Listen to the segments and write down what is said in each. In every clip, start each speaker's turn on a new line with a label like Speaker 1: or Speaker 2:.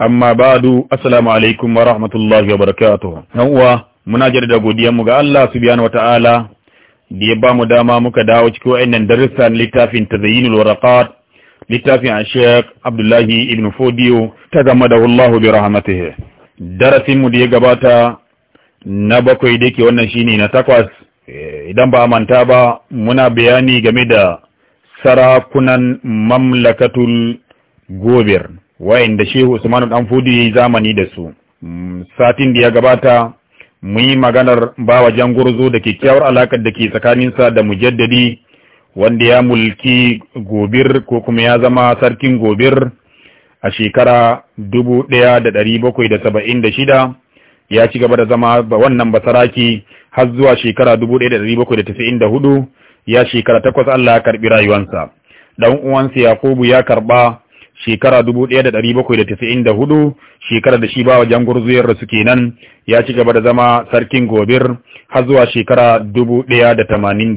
Speaker 1: amma ba'du assalamu alaikum wa rahmatullahi wa barakatuh yan uwa muna jaddada godiyar mu ga Allah subhanahu wa ta'ala da ya bamu dama muka dawo cikin wayannan darussa na littafin tazayyinul waraqat littafin Sheikh Abdullahi ibn Fodiyo da Allah bi rahmatihi darasin mu da ya gabata na bakwai dake wannan shine na takwas eh, idan ba manta ba muna bayani game da sarakunan mamlakatul gobir wa'inda shehu usmanu dan fudi yayi zamani da su mm, satin da ya gabata mu yi maganar bawa jangurzo da kyakkyawar alakar da ke tsakaninsa da mujaddadi wanda ya mulki gobir ko kuma ya zama sarkin gobir a shekara dubu ya ci gaba da zama wannan basaraki har zuwa shekara dubu ya shekara takwas Allah ya karɓi rayuwansa. Dan uwansa Yakubu ya karɓa shekara hudu shekarar da shi bawa jangur zuyarra su nan ya ci gaba da zama sarkin gobir har zuwa shekara dubu dubu da da tamanin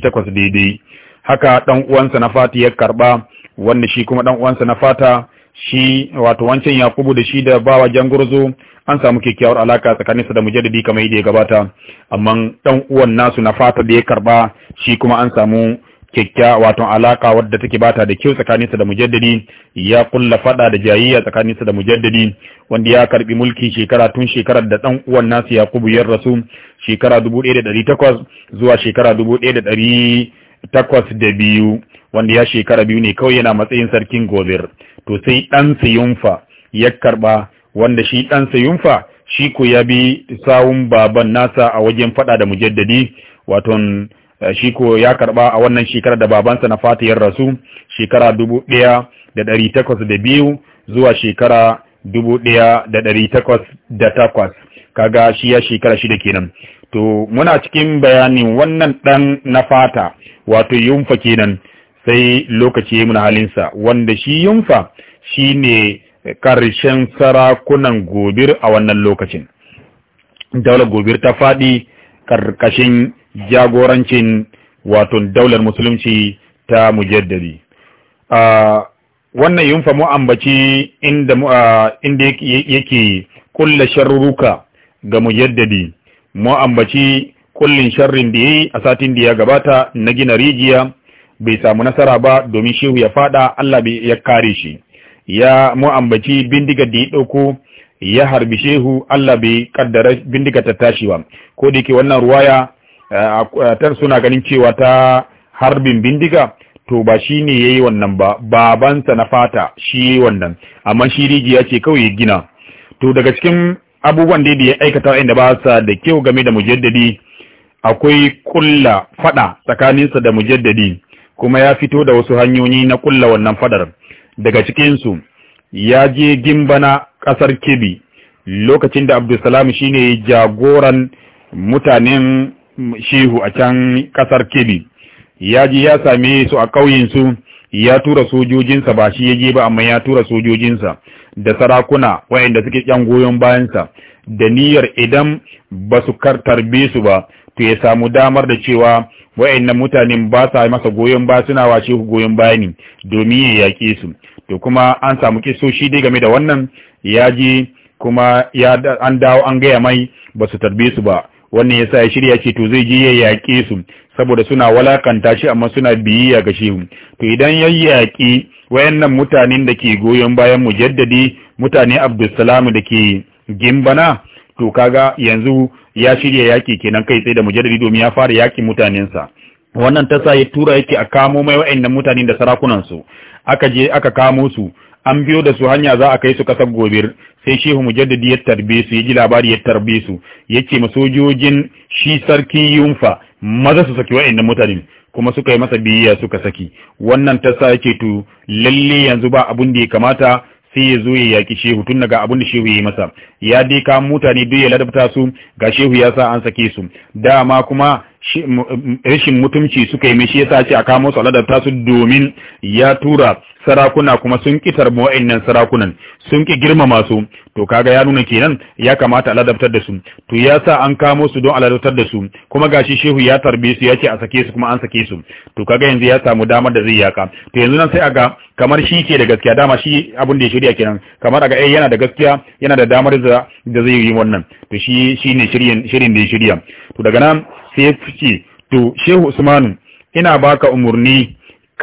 Speaker 1: takwas daidai haka ɗan uwansa na fata ya karɓa wanda shi kuma ɗan uwansa na fata shi wato wancan yakubu da shi da bawa jangurzo an samu kyakkyawar alaka tsakaninsa da mujaddidi kamar yadda ya gabata amma ɗan uwan nasu na fata da ya karɓa shi kuma an samu kyakkya wato alaka wadda take bata da kyau tsakanin sa da mujaddadi ya kulla fada da jayayya sa da mujaddadi wanda ya karbi mulki shekara tun shekarar da dan uwan nasu Yakubu ya rasu shekara 1800 zuwa shekara 1802 wanda ya shekara biyu ne kawai yana matsayin sarkin Gobir to sai dan Yunfa ya karba wanda shi dan Yunfa shi ko ya bi sawun baban nasa a wajen fada da mujaddadi waton Eh, shi ko ya karba a wannan shekarar da babansa na fatiyar rasu shekara dubu ɗaya da ɗari takwas da biyu zuwa shekara dubu ɗaya da ɗari takwas da takwas kaga shi ya shekara shida kenan to muna cikin bayanin wannan ɗan na fata wato yunfa kenan sai lokaci muna halinsa wanda shi yunfa shi ne ƙarshen sarakunan gobir a wannan lokacin daular gobir ta faɗi karkashin. jagorancin wato daular musulunci ta mujaddadi a wannan yunfa mu ambaci inda inda yake kulla sharruka ga mujaddadi mu ambaci kullin sharrin da yayi a satin da ya gabata na gina rijiya bai samu nasara ba domin shehu ya fada Allah bai ya kare shi ya mu ambaci bindiga da ya dauko ya harbi shehu Allah bai kaddara bindiga ta tashi ba ko da yake wannan ruwaya Eh, tar suna ganin cewa ta harbin bindiga to ba shi ne ya yi wannan ba babansa na fata shi ya yi wannan amma shi rijiya ce kawai ya gina to daga cikin abubuwan da ya aikata inda ba sa da kyau game da mujaddadi akwai kulla fada tsakaninsa da mujaddadi kuma ya fito da wasu hanyoyi na kulla wannan fadar daga cikinsu ya je gimbana ƙasar kebi lokacin da abdulsalam shine jagoran mutanen shehu a can kasar kebi ya ji ya same su a ƙauyensu ya tura sojojinsa ba shi ya je ba amma ya tura sojojinsa da sarakuna wayanda suke yan goyon bayansa da niyyar idan ba su tarbe su ba to ya samu damar da cewa wayannan mutanen ba sa masa goyon ba suna wa shehu goyon baya ne domin ya yaƙe su to kuma an samu kisoshi dai game da wannan ya je kuma ya an dawo an gaya mai ba su tarbe su ba wannan yasa ya shirya ce to zai je ya yaƙe su saboda suna walakanta shi amma suna biyayya ga shi to idan ya yaƙi wayannan mutanen da ke goyon bayan mujaddadi mutane Abdulsalam da ke gimbana to kaga yanzu ya shirya yaƙi kenan kai tsaye da mujaddadi domin ya fara yaƙin mutanensa wannan tasa ya tura yake a kamo mai wayannan mutanen da sarakunan su aka je aka kamo su an biyo da su hanya za a kai su kasar gobir sai shehu mujaddadi ya tarbe su ya ji labari ya tarbe su ya ce ma sojojin shi sarki yunfa maza su saki wa'annan mutane kuma suka yi masa biyayya suka saki wannan ta sa yake to lalle yanzu ba abun da ya kamata sai ya zo ya yaki shehu tun daga abun da shehu ya yi masa ya dai ka mutane duk ya ladabta su ga shehu ya sa an sake su dama kuma rashin mutumci suka yi mishi yasa ce a kamo su ladabta su domin ya tura sarakuna kuma sun ki tarbo wa'annan sarakunan sun ki girmama su to kaga ya nuna kenan ya kamata a ladabtar da su to ya sa an kamo su don a ladabtar da su kuma gashi shehu ya tarbe su ya ce a sake su kuma an sake su to kaga yanzu ya samu damar da zai yaka to yanzu nan sai a ga kamar shi ke da gaskiya dama shi abin da ya shirya kenan kamar a ga eh, yana da gaskiya yana da damar da da da zai yi wannan to shi shine shirin shirin da ya shirya to daga nan sai fice to Shehu Usmanu ina baka umurni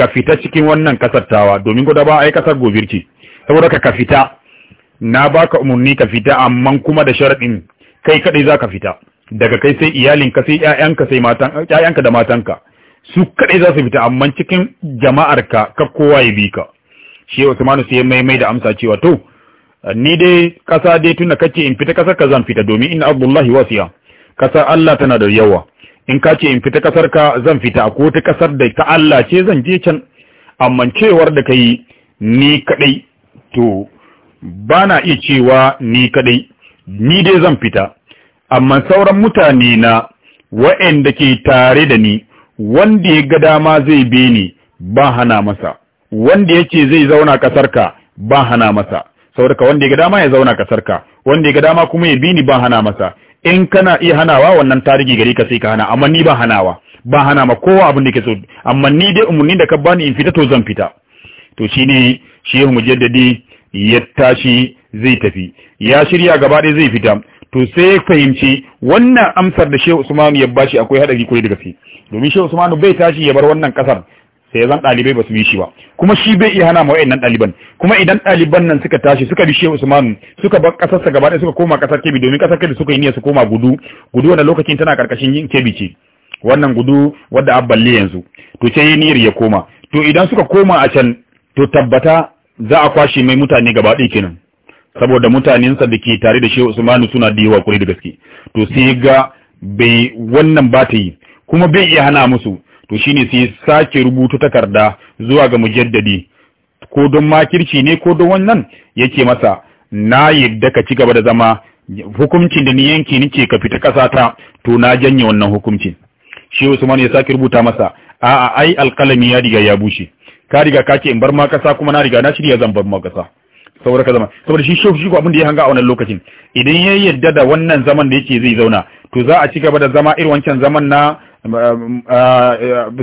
Speaker 1: ka fita cikin wannan kasar tawa domin ko da ba ai kasar gobirci saboda ka fita na baka umurni ka fita amma kuma da sharadin kai kadai zaka fita daga kai sai iyalinka sai ƴaƴanka sai matan ƴaƴanka da matanka su kadai za su fita amma cikin jama'arka ka kowa ya bi ka shehu Usmanu sai mai mai da amsa cewa to ni dai kasa dai tunda kace in fita kasar ka zan fita domin inna abdullahi wasiya kasa Allah tana da yawa in kace in fita kasar ka zan fita ko ta kasar da ta Allah ce zan je can amma cewar da kai ni kadai to bana iya cewa ni kadai ni dai zan fita amma sauran mutane na wa'anda ke tare da ni wanda ya ga dama zai be ni ba hana masa wanda yake zai zauna kasar ka ba hana masa saboda wanda ya ga dama ya zauna kasar ka wanda ya ga dama kuma ya bi ni ban hana masa in kana iya hanawa wannan tarihi gari ka sai ka hana amma ni ban hanawa ban hana ma kowa abin da ke so amma ni dai umurni da ka bani in fita to zan fita to shine shehu mujaddadi ya tashi zai tafi ya shirya gaba ɗaya zai fita to sai ya fahimci wannan amsar da Shehu usmanu ya bashi akwai haɗari kwai da gaske domin Shehu usmanu bai tashi ya bar wannan kasar sai zan ɗalibai ba su bi shi ba kuma shi bai iya hana ma wa'annan ɗaliban kuma idan ɗaliban nan suka tashi suka bi Shehu Usman suka bar ƙasarsa gaba ɗaya suka koma ƙasar Kebbi domin ƙasar Kebbi suka yi niyya su koma gudu gudu wannan lokacin tana karkashin yin Kebbi ce wannan gudu wadda abballe yanzu to ce yi niyyar ya koma to idan suka koma a can to tabbata za a kwashe mai mutane gaba ɗaya kenan saboda mutanen sa da ke tare da Shehu Usman suna da yawa kuri da gaske to sai ga bai wannan ba ta yi kuma bai iya hana musu to shi su sai sake rubuta takarda zuwa ga mujaddadi ko don makirci ne ko don wannan yake masa na yadda ka ci gaba da zama hukuncin da ni yanki ni ce ka fita ƙasa ta to na janye wannan hukuncin shi Usman ya sake rubuta masa a'a ai alƙalami ya riga ya bushe ka riga ka ce in bar ma ƙasa kuma na riga na shirya zan bar ma ƙasa saboda ka zama saboda shi shofi ko abin da ya hanga a wannan lokacin idan ya yadda da wannan zaman da yake zai zauna to za a ci gaba da zama irin wancan zaman na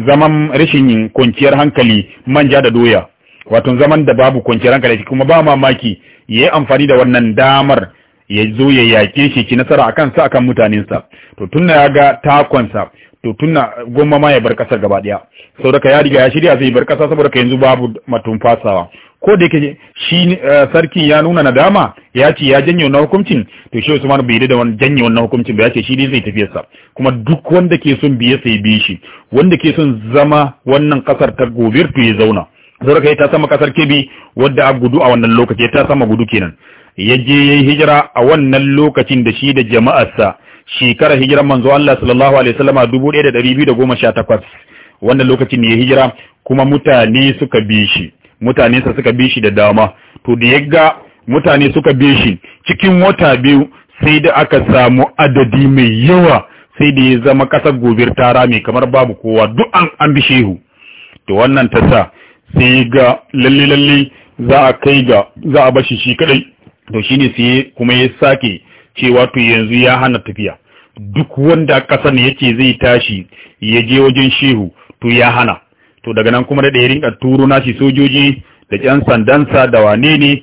Speaker 1: zaman rashin kwanciyar hankali manja da doya wato zaman da babu kwanciyar hankali kuma ba mamaki ya yi amfani da wannan damar ya zo ya yaƙe shi ki nasara a kansa sa, mutanensa to tunna ya ga takonsa to tunna goma ma ya bar ƙasar gaba ɗaya saboda ya riga ya shirya zai bar ƙasa saboda ka yanzu babu matun fasawa ko da yake shi eh, sarkin ya nuna nadama ya ce ya janye wannan hukuncin to shi Usman bai da wannan janye wannan hukuncin ba ya ce shi ne zai tafi sa kuma duk wanda ke son biye sai bi shi wanda ke son zama wannan kasar ta gobe to ya zauna kai ta sama kasar kebi wadda a gudu a wannan lokaci ta sama gudu kenan ya je yayi hijira a wannan lokacin da shi da jama'arsa shekarar hijiran manzo Allah sallallahu alaihi wasallama 1218 wannan lokacin ne ya hijira kuma mutane suka bi shi mutane sa suka bi shi da dama to da ya ga mutane suka bi shi cikin wata biyu sai da aka samu adadi mai yawa sai da ya zama kasar gobir tara mai kamar babu kowa duk an an bi shehu to wannan ta sa sai ga lalle lalle za a kai ga za a bashi shi kadai to shine sai kuma ya sake cewa to yanzu ya hana tafiya duk wanda kasan yake zai tashi ya je wajen shehu to ya hana to daga nan kuma da ya rinka turo nashi sojoji da ƴan sandansa da wane ne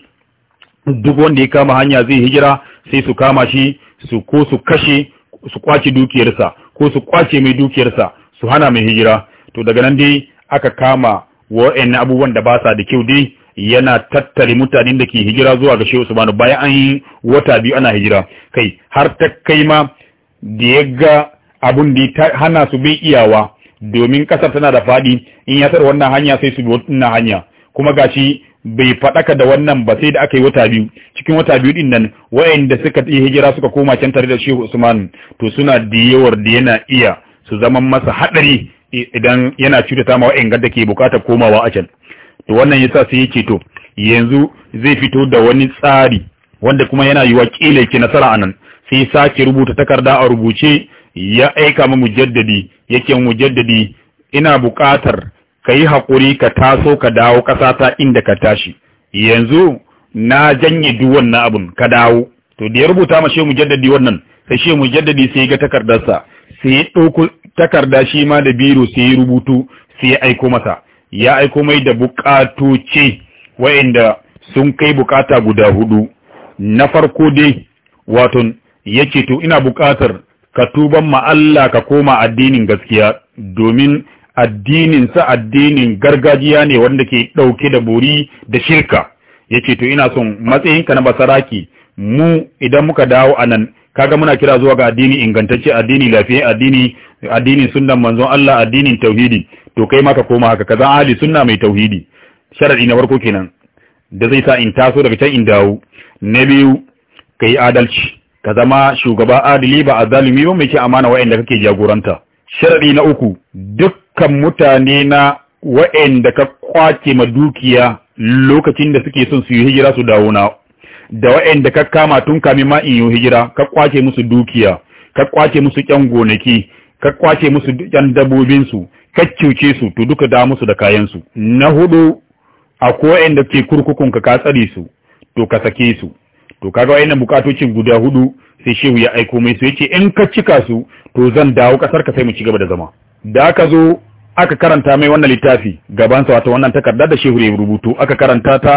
Speaker 1: duk wanda ya kama hanya zai hijira sai su kama shi su ko su kashe su kwace dukiyarsa ko su kwace mai dukiyarsa su hana mai hijira to daga nan dai aka kama wa'annan abubuwan da ba sa da kyau dai yana tattare mutanen da ke hijira zuwa ga Shehu Usmanu bayan an yi wata biyu ana hijira kai har ta kai ma da ya ga abun da hana su bai iyawa domin kasar tana da fadi in ya tar wannan hanya sai su bi wannan hanya kuma gashi bai faɗaka da wannan ba sai da aka yi wata biyu cikin wata biyu din nan wayanda suka yi hijira suka koma can tare da Shehu Usman to suna yawar da yana iya su zama masa hadari idan yana cutata ma wayanda da ke bukatar komawa a can to wannan yasa sai yake to yanzu zai fito da wani tsari wanda kuma yana yiwa kila yake nasara anan sai sake rubuta takarda a rubuce ya aika mu mujaddadi yake mujaddadi ina buƙatar ka yi haƙuri ka taso ka dawo ƙasata inda ka tashi yanzu na janye duk wannan abun ka dawo to da ya rubuta ma shehu mujaddadi wannan sai shehu mujaddadi sai ya ga takardarsa sai ya ɗauko takarda shi ma da biro sai ya rubutu sai ya aiko masa ya aiko mai da buƙatoci wa'inda sun kai buƙata guda hudu na farko dai wato yake to ina buƙatar ka tuban ma Allah ka koma addinin gaskiya domin addinin sa addinin gargajiya ne wanda ke ɗauke da bori da shirka yace to ina son matsayinka na basaraki mu idan muka dawo a nan kaga muna kira zuwa ga addini ingantacce addini lafiya addini addinin sunnan manzon Allah addinin tauhidi to kai ma ka koma haka kaza ahli sunna mai tauhidi sharadi na farko kenan da zai sa in taso daga can in dawo na biyu kai adalci ka zama shugaba adili ba a zalumi, ba mai ke amana wa'anda kake jagoranta sharadi na uku dukkan mutane na wa'anda ka kwace ma dukiya lokacin da suke son su yi hijira su dawo na da wa'anda ka kama tun kami ma in yi hijira ka kwace musu dukiya ka kwace musu kyan gonaki ka kwace musu kyan dabobin su ka cuce su to duka da musu da kayansu. na hudu akwai wa'anda ke kurkukun ka ka tsare su to ka sake su to kaga wayannan bukatocin guda hudu sai shehu ya aiko mai su yace in ka cika su to zan dawo kasar ka sai mu ci gaba da zama da aka zo aka karanta mai wannan littafi gaban sa wato wannan takarda da shehu ya rubutu aka karanta ta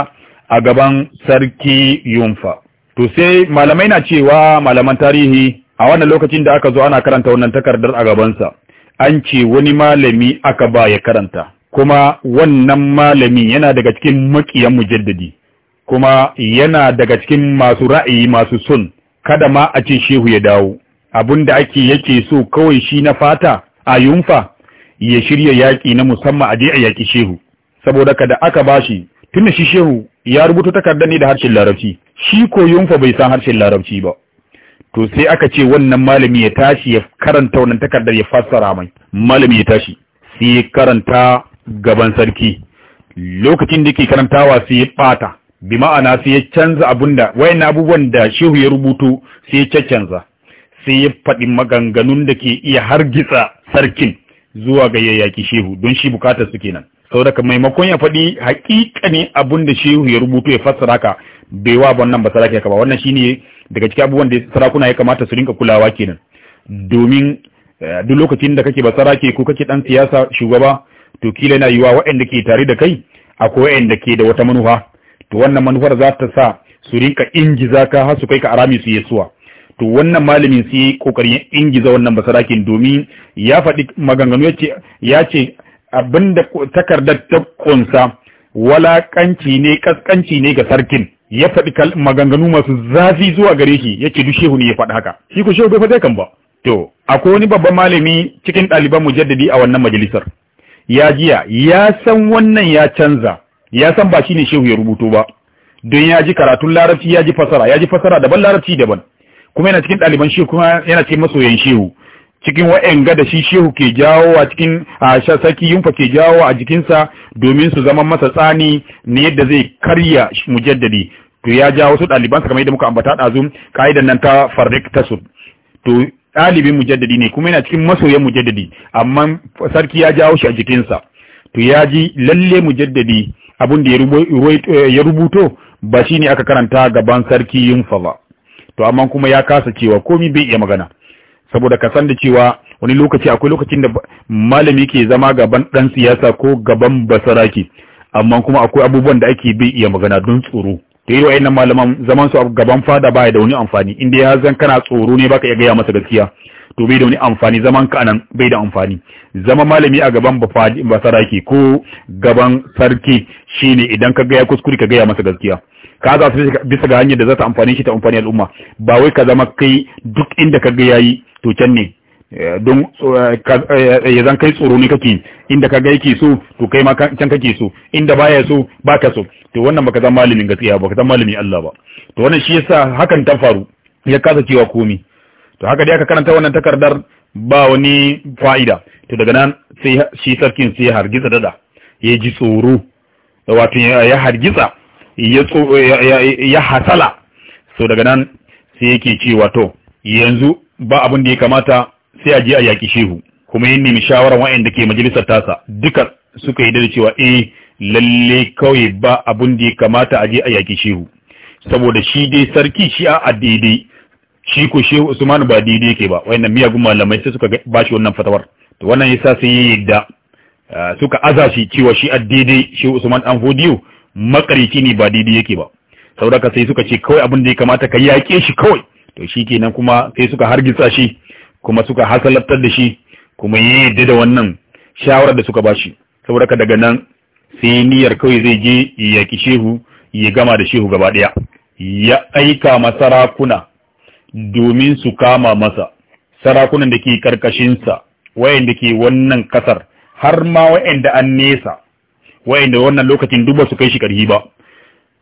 Speaker 1: a gaban sarki Yunfa to sai malamai na cewa malaman tarihi a wannan lokacin da aka zo ana karanta wannan takardar a gaban sa an ce wani malami aka ba ya karanta kuma wannan malami yana daga cikin makiyan mujaddadi kuma yana daga cikin masu ra'ayi masu sun kada ma a ce shehu ya dawo abin da ake yake so kawai shi na fata a yunfa ya shirya yaƙi na musamman a je a yaƙi shehu saboda kada aka bashi tunda shi shehu ya rubuta takarda ne da harshen larabci shi ko yunfa bai san harshen larabci ba to sai aka ce wannan malami ya tashi ya karanta wannan takardar ya fassara mai malami ya tashi sai ya karanta gaban sarki lokacin da yake karantawa sai ya bata bi ma'ana sai ya canza abunda wayan abubuwan da shehu ya rubutu sai ya canza sai ya faɗi maganganun da ke iya hargitsa sarkin zuwa ga yayyaki shehu don shi bukatar su kenan daga maimakon ya faɗi ne abun da shehu ya rubuto ya fassara ka bai wa wannan ba sarake ka ba wannan shine daga cikin abubuwan da sarakuna ya kamata su rinka kulawa kenan domin eh, duk lokacin da kake ba sarake ko kake dan siyasa shugaba to kila yana yiwa waɗanda ke tare da kai akwai waɗanda ke da wata manufa to wannan manufar za ta sa su rinka ingiza ka har su kai ka arami su yesuwa to wannan malamin su yi ingiza wannan basarakin domin ya faɗi maganganu ya ce ya ce abinda takardar ta kunsa walakanci ne kaskanci ne ga sarkin ya faɗi maganganu masu zafi zuwa gare shi ya ce duk ne ya faɗi haka shi ko shehu bai faɗi kan ba to akwai wani babban malami cikin ɗaliban mujaddadi a wannan majalisar ya jiya ya san wannan ya canza ya san ba shi ne shehu ya rubuto ba don ya ji karatun larabci ya ji fasara ya ji fasara daban larabci daban kuma yana cikin ɗaliban shehu kuma yana cikin masoyan shehu cikin wa'yanga da shi shehu ke jawo a cikin a sarki yunfa ke jawo a jikinsa domin su zama masa tsani na yadda zai karya mujaddadi to ya jawo su ɗalibansa kamar yadda muka ambata ɗazu ka'idan nan ta farrik ta su to ɗalibin mujaddadi ne kuma yana cikin masoyan mujaddadi amma sarki ya jawo shi a jikinsa to ya ji lalle mu jaddadi abin da eh, ya rubuto ba shi ne aka karanta gaban sarki yunfa ba to amma kuma ya kasa cewa komi bai iya magana saboda ka san da cewa wani lokaci akwai lokacin da malami ke zama gaban dan siyasa ko gaban basaraki amma kuma akwai abubuwan da ake bai iya magana don tsoro da yi wa'annan malaman zaman su gaban fada baya da wani amfani inda ya zan kana tsoro ne baka iya gaya masa gaskiya to bai da wani amfani zaman ka anan bai da amfani zama malami a gaban basaraki ko gaban sarki shine idan ka gaya kuskure ka gaya masa gaskiya ka za su bisa ga hanyar da za ta amfani shi ta amfani al'umma ba wai ka zama kai duk inda ka ga yayi to can ne eh, don eh, eh, ya zan kai tsoro ne kake inda ka ga yake so to kai ma can kake so inda baya so baka so to wannan baka zama malamin gaskiya baka zama malamin Allah ba to wannan shi yasa hakan ta faru ya kasa cewa komi to haka dai aka karanta wannan takardar ba wani fa'ida to daga nan sai shi sarkin sai hargitsa dada ya ji tsoro wato ya hargitsa ya hasala so daga nan sai yake cewa wato yanzu ba abin da ya kamata sai a je a yaki shehu kuma yin nemi shawarar wa'anda ke majalisar tasa duka suka yi da cewa eh lalle kawai ba abin da ya kamata a je a yaki shehu saboda shi dai sarki shi a daidai shi ko shehu usman ba daidai yake ba wayannan miyagun malamai sai suka ba shi wannan fatawar to wannan yasa sai ya yadda ah, suka aza shi cewa shi addidai shehu usman an hodiyo makarici ne ba daidai yake ba sauraka sai suka ce kawai abin da ya kamata ka yaƙe shi kawai to shi kenan kuma sai suka hargitsa shi kuma suka hasalattar da shi kuma ya yadda da wannan shawarar da suka ba shi. sauraka daga nan sai niyyar kawai zai je ya yaƙi shehu ya gama da shehu gaba ɗaya ya aika masarakuna domin su kama masa sarakunan da ke ƙarƙashinsa wayanda ke wannan kasar har ma wayanda an nesa wayanda wannan lokacin duba su kai shi karhi ba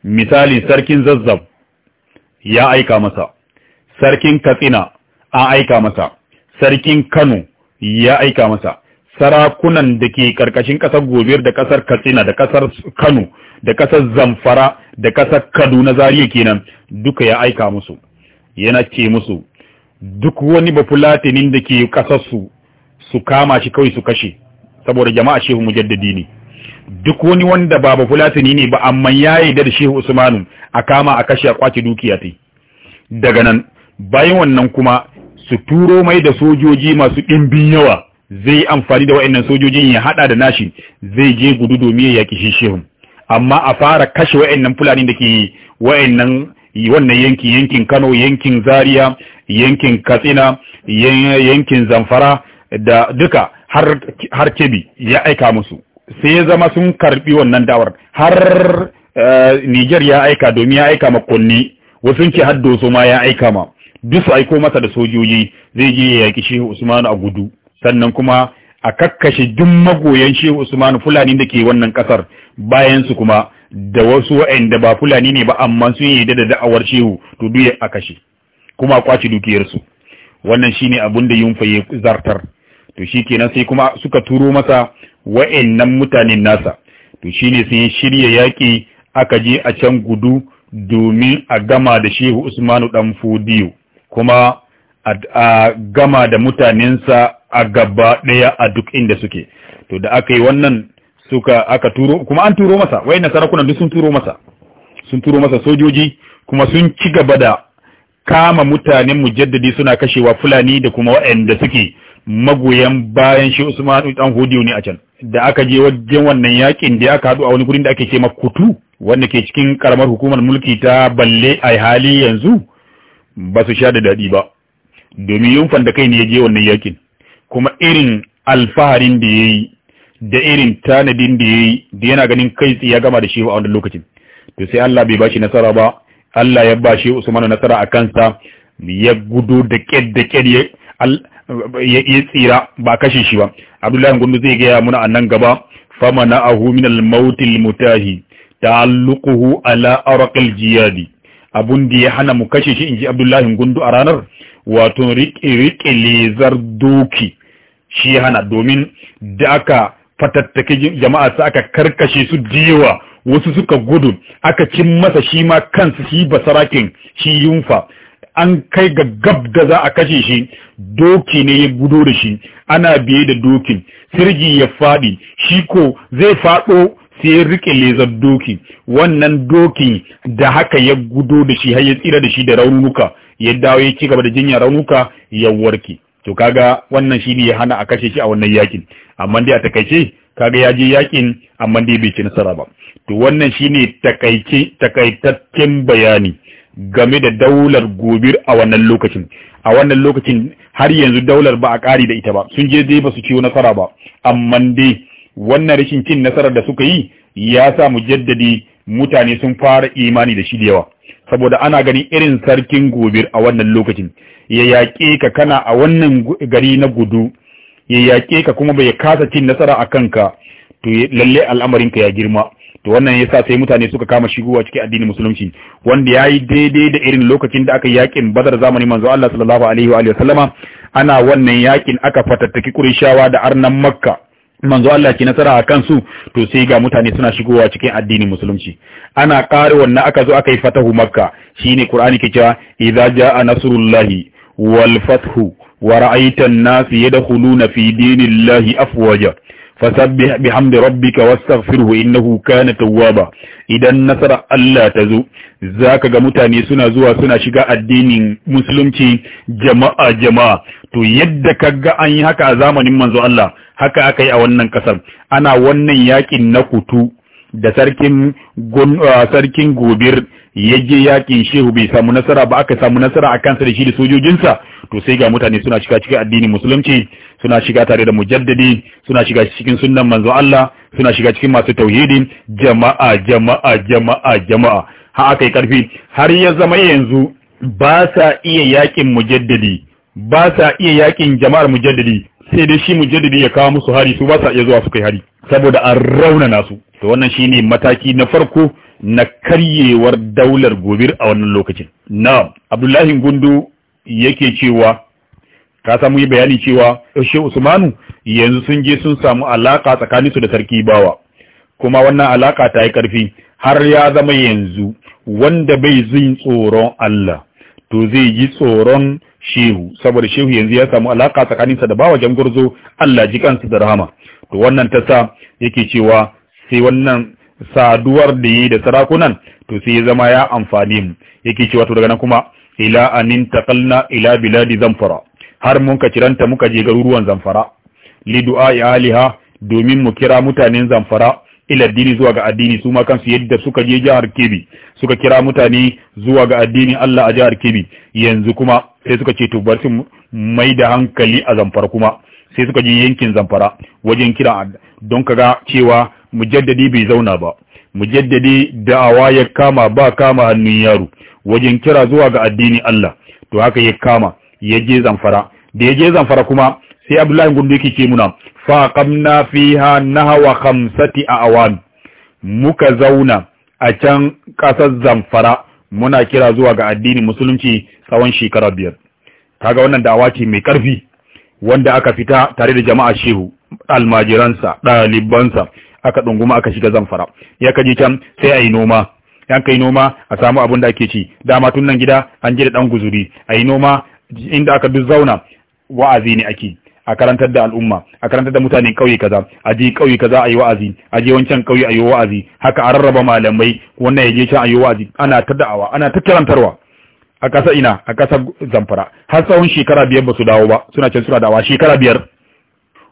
Speaker 1: Misali, sarkin zazzab ya aika masa sarkin katsina an aika masa sarkin kano ya aika masa sarakunan da ke karkashin kasar gobe da kasar katsina da kasar kano da kasar zamfara da ƙasar kaduna zariya kenan duka ya aika musu yana ce musu duk wani bafulatinin da ke kasarsu su kama shi kawai su kashe saboda jama'a shehu mujaddadi ne duk wani wanda ba bafulatini ne ba amma ya yi da shehu usmanu a kama a kashe a kwace dukiya ta daga nan bayan wannan kuma su turo mai da sojoji masu ɗimbin yawa zai amfani da wa'annan sojojin ya hada da nashi zai je gudu domin ya yaki shi shehun amma a fara kashe wa'annan fulani da ke wa'annan wannan yankin yankin Kano yankin Zaria yankin Katsina yankin Zamfara da duka har har Kebbi ya aika musu sai ya zama sun karbi wannan dawar har eh, Niger ya aika domin ya aika makonni wasu ce har ma ya aika ma duk su aiko masa da sojoji zai je ya yaki Shehu Usman a gudu sannan kuma a kakkashe duk magoyan Shehu Usman Fulani da ke wannan kasar bayan su kuma da wasu waɗanda ba fulani ne ba amma sun yi da da'awar shehu to duk a kashe kuma a kwace dukiyarsu wannan shine abin da yunfa ya zartar to shi kenan sai kuma suka turo masa waɗannan mutanen nasa to shine sun shirya yaƙi, aka je a can gudu domin a gama da shehu usmanu dan fodiyo kuma a gama da mutanensa a gaba ɗaya a duk inda suke to da aka yi wannan suka aka turo kuma an turo masa wayannan sarakunan duk sun turo masa sun turo masa sojoji kuma sun ci gaba da kama mutanen mujaddadi suna kashewa fulani da kuma waɗanda suke magoyan bayan shi Usman dan Hodiyo ne a can da aka je wajen wannan yakin da aka hadu a wani gurin da ake ce Kutu wanda ke cikin karamar hukumar mulki ta balle a hali yanzu ba su sha da dadi ba domin yunfan da kai ne ya je wannan yakin kuma irin alfaharin da yayi da irin tanadin da ya yi da yana ganin kai ya gama da shi a wani lokacin to sai Allah bai bashi nasara ba Allah ya ba shi Usman nasara a kansa ya gudu da ƙed da ƙed ya tsira ba kashe shi ba Abdullahi Gundu zai gaya muna a nan gaba famana ahu min al-maut mutahi ta'alluquhu ala arq jiyadi abun da ya hana mu kashe shi in inji Abdullahi Gundu a ranar wato riƙe riƙe lezar doki shi hana domin da aka fatattake jama'a su aka karkashe su diwa wasu suka gudu aka cin masa shi ma kansu shi basarakin shi yunfa an kai ga gab da za a kashe shi doki ne ya gudo da shi ana biye da dokin sirgi ya faɗi shi ko zai faɗo sai ya riƙe lezar doki wannan dokin da haka ya gudo da shi har ya tsira da shi da raunuka ya dawo ya ci gaba da jinya raunuka ya warke to kaga wannan shi ne ya hana a kashe shi a wannan yakin amma dai a takaice kaga ya je yakin amma dai bai ci nasara ba to wannan shine takaice takaitaccen bayani game da daular gobir a wannan lokacin a wannan lokacin har yanzu daular ba a ƙari da ita ba sun je dai ba su ciwo nasara ba amma dai wannan rashin cin nasarar da suka yi ya sa mu jaddadi mutane sun fara imani da shi da yawa saboda ana ganin irin sarkin gobir a wannan lokacin ya yaƙe ka kana a wannan gari na gudu ya yaƙe ka kuma bai kasa cin nasara a kanka to lalle al'amarinka ya girma to wannan sa sai mutane suka kama shigowa cikin addinin musulunci wanda yayi daidai da irin lokacin da aka yakin bazar zamani manzo Allah sallallahu alaihi wa sallama ana wannan yakin aka fatattaki qurayshawa da arnan makka manzo Allah ki nasara a kansu to sai ga mutane suna shigowa cikin addinin musulunci ana ƙara wannan aka zo aka yi fatahu makka shine qur'ani ke cewa idza jaa nasrullahi wal fathu wa ra'aitan nas yadkhuluna fi dinillahi afwaja fasabbih bihamdi rabbika wastaghfirhu innahu kana tawwaba idan nasara Allah ta zo zaka ga mutane suna zuwa suna shiga addinin musulunci jama'a jama'a to yadda kaga an yi haka a zamanin manzo Allah haka aka yi a wannan kasar ana wannan yakin na kutu da sarkin gobir yaje je yakin shehu bai samu nasara ba aka samu nasara a kansa da shi da sojojinsa to sai ga mutane suna shiga cikin addinin musulunci suna shiga tare da mujaddadi suna shiga cikin sunnan manzo Allah suna shiga cikin masu tauhidi jama'a jama'a jama'a jama'a ha aka yi karfi har ya zama yanzu ba sa iya yakin mujaddadi ba sa iya yakin jama'ar mujaddadi sai dai shi mujaddidi ya kawo musu hari su ba sa iya zuwa su kai hari saboda an raunana su to wannan shine mataki na farko na karyewar daular gobir a wannan lokacin na abdullahi gundu yake cewa ka samu yi bayani cewa eh, shi usmanu yanzu sun je sun samu alaka tsakanin su da sarki bawa kuma wannan alaka ta yi karfi har ya zama yanzu wanda bai zin tsoron Allah to zai ji tsoron shehu saboda shehu yanzu ya samu alaka tsakaninsa da bawa jangurzo Allah ji kansu da rahama to wannan ta sa yake cewa sai wannan saduwar da yi da sarakunan to sai ya zama ya amfani mu yake cewa to daga nan kuma ila anin taqalna ila biladi zamfara har mun ka ciranta muka je garuruwan zamfara li du'a aliha domin mu kira mutanen zamfara ila dini zuwa ga addini su ma kansu yadda suka je jihar kebi. suka kira mutane zuwa ga addinin Allah a jihar Kebbi yanzu kuma sai suka ce to bar su mai da hankali a Zamfara kuma sai suka je yankin Zamfara wajen kira don kaga cewa mujaddadi bai zauna ba mujaddadi da'awa ya kama ba kama hannun yaro wajen kira zuwa ga addinin Allah to haka ya kama ya je Zamfara da ya je Zamfara kuma sai Abdullahi Gundu yake ce muna fa qamna fiha nahwa khamsati a awan muka zauna a can ƙasar zamfara muna kira zuwa ga addini musulunci tsawon shekara biyar kaga wannan da'awa ce mai ƙarfi wanda aka fita tare da jama'a shehu almajiransa ɗalibansa aka ɗunguma aka shiga zamfara ya kaji can sai a yi noma yan kai noma a samu abin da ake ci dama tun nan gida an ji da ɗan guzuri a yi noma inda aka duk zauna wa'azi ne ake a karantar da al'umma a karantar da mutanen kauye kaza a je kauye kaza a yi wa'azi a je wancan kauye a yi wa'azi haka a rarraba malamai wannan ya je can a yi wa'azi ana ta da'awa ana ta karantarwa a ƙasa ina a ƙasar zamfara har tsawon shekara biyar ba su dawo ba suna can suna dawa shekara biyar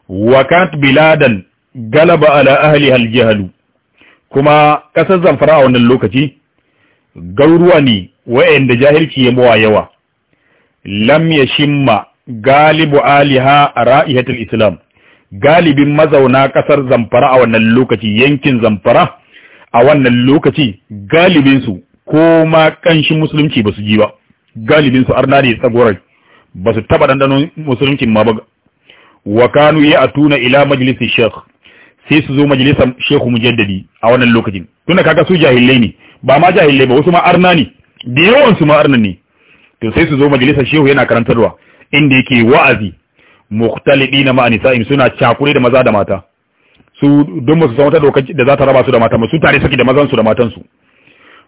Speaker 1: wakat biladan galaba ala ahli hal jahalu kuma ƙasar zamfara a wannan lokaci garuruwa ne wa'anda jahilci ya mawa yawa lam ya shimma galibu aliha a ra'ihatul islam galibin mazauna kasar zamfara a wannan lokaci yankin zamfara a wannan lokaci galibinsu ko ma kanshi musulunci ba su ji ba galibinsu arna ne tsagorar ba su taba dandanon musulunci ma ba wa kanu ya atuna ila majalisin sheikh sai su zo majalisar shehu mujaddadi a wannan lokacin tunda kaga su jahilai ne ba ma jahilai ba wasu ma arna ne da yawan su ma arna ne to sai su zo majalisar shehu yana karantarwa inda yake wa'azi na ma sa'in suna cakure da maza da mata su don musu san wata doka da za ta raba su da mata su tare saki da mazan su da matan su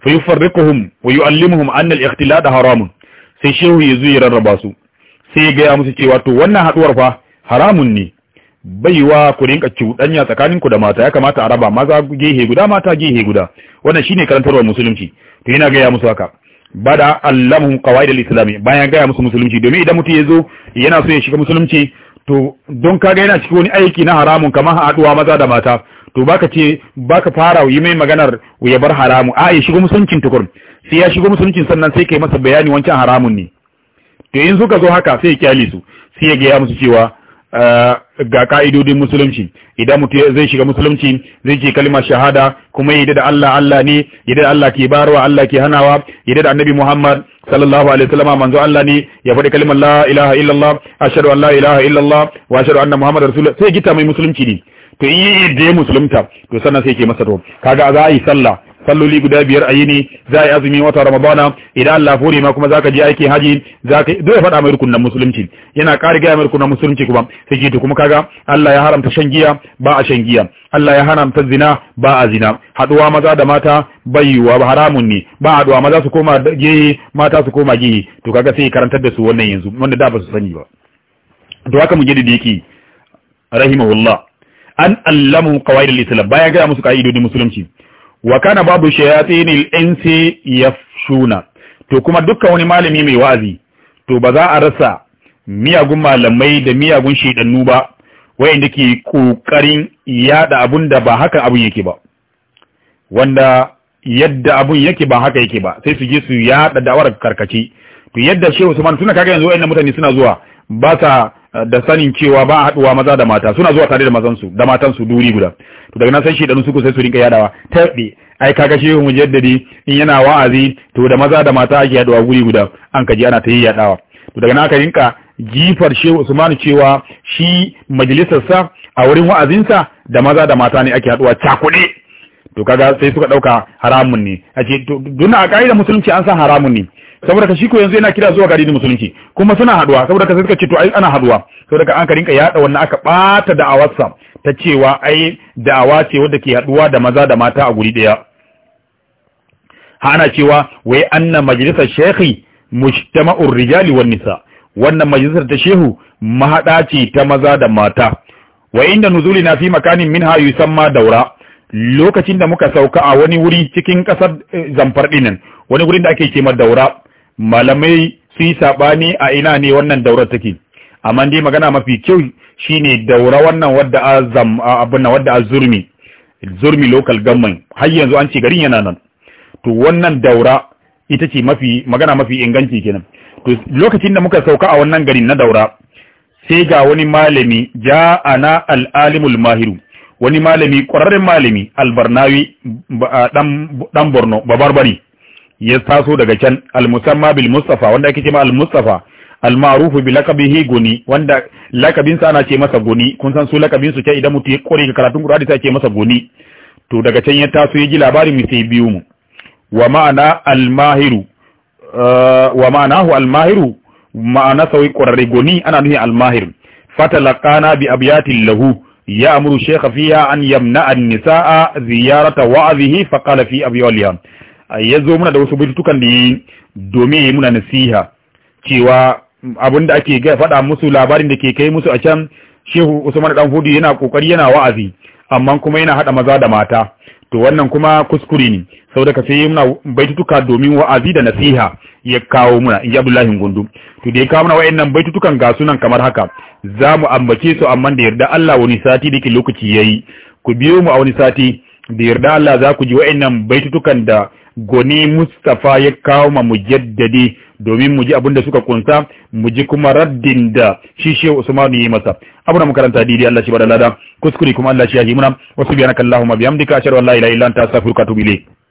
Speaker 1: fa yufarriquhum wa yu'allimuhum anna al ikhtilad haramun sai shehu ya zuyi rarraba su sai ya gaya musu cewa to wannan haduwar fa haramun ne baiwa ku rinka cuɗanya tsakanin ku da mata ya kamata a raba maza gehe guda mata gehe guda wannan shine karantarwar musulunci to yana gaya musu haka bada allamu qawaid al-islam bayan gaya musu musulunci domin idan mutum yazo yana so ya shiga musulunci to don kaga yana cikin wani aiki na haramun kamar haduwa maza da mata to baka ce baka fara yi mai maganar ya bar haramu a ya shiga musuluncin tukur sai ya shiga musuluncin sannan sai kai masa bayani wancan haramun ne to in suka zo haka sai ya kyale su sai ya ga ya musu cewa Eh, ga ka'idodin musulunci idan mutum zai shiga musulunci zai ce kalmar shahada kuma yadda da Allah Allah ne yadda da Allah ke barwa Allah ke hanawa yadda da annabi Muhammad sallallahu alaihi wasallam manzo Allah ne ya faɗi kalmar la ilaha illallah ashhadu an la ilaha illallah wa ashhadu anna muhammadar rasulullah sai gita mai musulunci ne to in yi yadda ya musulunta to sannan sai ke masa to kaga za a yi sallah salloli guda biyar a yini za a yi azumi wata ramadana idan Allah fure ma kuma zaka je aiki haji zaka duk ya faɗa mai rukunin musulunci yana ƙari gaya mai rukunin musulunci kuma sai ki kuma kaga Allah ya haramta shan giya ba a shan giya Allah ya haramta zina ba a zina haduwa maza da mata bayyuwa ba haramun ne ba haduwa maza su koma gehe mata su koma gehe to kaga sai karantar da su wannan yanzu wanda da ba su sani ba to haka mu gidi da yake rahimahullah an allamu qawaid al-islam bayan ga musu kaidodin musulunci wa kana babu shayatinil insi yafshuna to kuma dukkan wani malami mai wazi to ba za a rasa miyagun malamai da miyagun shedannu ba wayanda ke kokarin yada abun da ba haka abun yake ba wanda yadda abun yake ba haka yake ba sai su je su yada da'awar karkace to yadda Shehu Usman tuna kaga yanzu wayannan mutane suna zuwa ba sa da sanin cewa ba a haɗuwa maza da mata suna zuwa tare da mazansu da matansu duri guda to daga nan sai shedanu su sai su rinka yadawa taɓe ai kaga mu mujaddadi in yana wa'azi to da maza da mata ake haɗuwa guri guda an kaji ana ta yi yadawa to daga nan aka rinka jifar shi Usman cewa shi majalisarsa a wurin wa'azinsa da maza da mata ne ake haɗuwa cakude to kaga sai suka ɗauka haramun ne a ce to duna a musulunci an san haramun ne saboda ka shi ko yanzu yana kira zuwa garin musulunci kuma suna haduwa saboda ka sai suka ce to ai ana haduwa saboda ka an ka rinka yada wannan aka bata da'awarsa ta cewa ai da'awa ce wanda ke haduwa da maza da mata a guri daya ha ana cewa wai anna majalisar shekhi mujtama'ur rijali wan nisa wannan majlisar ta shehu mahada ce ta maza da mata wa inda nuzuli na fi makanin minha yusamma daura lokacin da muka sauka a wani wuri cikin kasar eh, zamfar dinin wani wurin da ake ce daura malamai su yi saɓani a ina ne wannan daurar take amma dai magana mafi kyau shine daura wannan wadda zam abin nan wadda a zurmi local government har yanzu an ce garin yana nan to wannan daura ita ce mafi magana mafi inganci kenan to lokacin da muka sauka a wannan garin na daura sai ga wani malami ja ana al-alimul mahiru wani malami ƙwararren malami albarnawi dan borno babarbari ya taso daga can al-musamma bil mustafa wanda ake ce ma al-mustafa al-ma'ruf bi laqabihi guni wanda laqabin sa ana ce masa guni kun san su laqabin su ce idan mutum ya kore karatun Qur'ani sai ce masa guni to daga can ya taso ya ji labarin mu sai biyu mu wa ma'ana al-mahiru eh, wa ma'anahu al-mahiru ma'ana sawi qurare guni ana nufin al-mahir fatalaqana bi abyatin lahu يأمر الشيخ فيها أن يمنع النساء زيارة وعظه فقال في ya zo muna da wasu bututukan da yi domin ya yi muna nasiha cewa abin da ake faɗa musu labarin da ke kai musu a can shehu usman dan hudu yana kokari yana wa'azi amma kuma yana haɗa maza da mata to wannan kuma kuskure ne saboda ka sai muna baitutuka domin wa'azi da nasiha ya kawo muna in abdullahi gundu to da ya kawo muna wayannan baitutukan ga sunan kamar haka za mu ambace su amma da yarda Allah wani sati da ke lokaci yayi ku biyo mu a wani sati da yarda Allah za ku ji wayannan baitutukan da goni Mustapha ya kawo ma mujaddadi domin mu ji abin da suka kunsa mu ji kuma raddin da shi shi Usman yi masa abuna makaranta didi Allah shi bada lada kuskure kuma Allah shi ya himuna wasu biyanaka Allahumma bihamdika ashhadu an la ilaha illa anta astaghfiruka wa atubu ilayk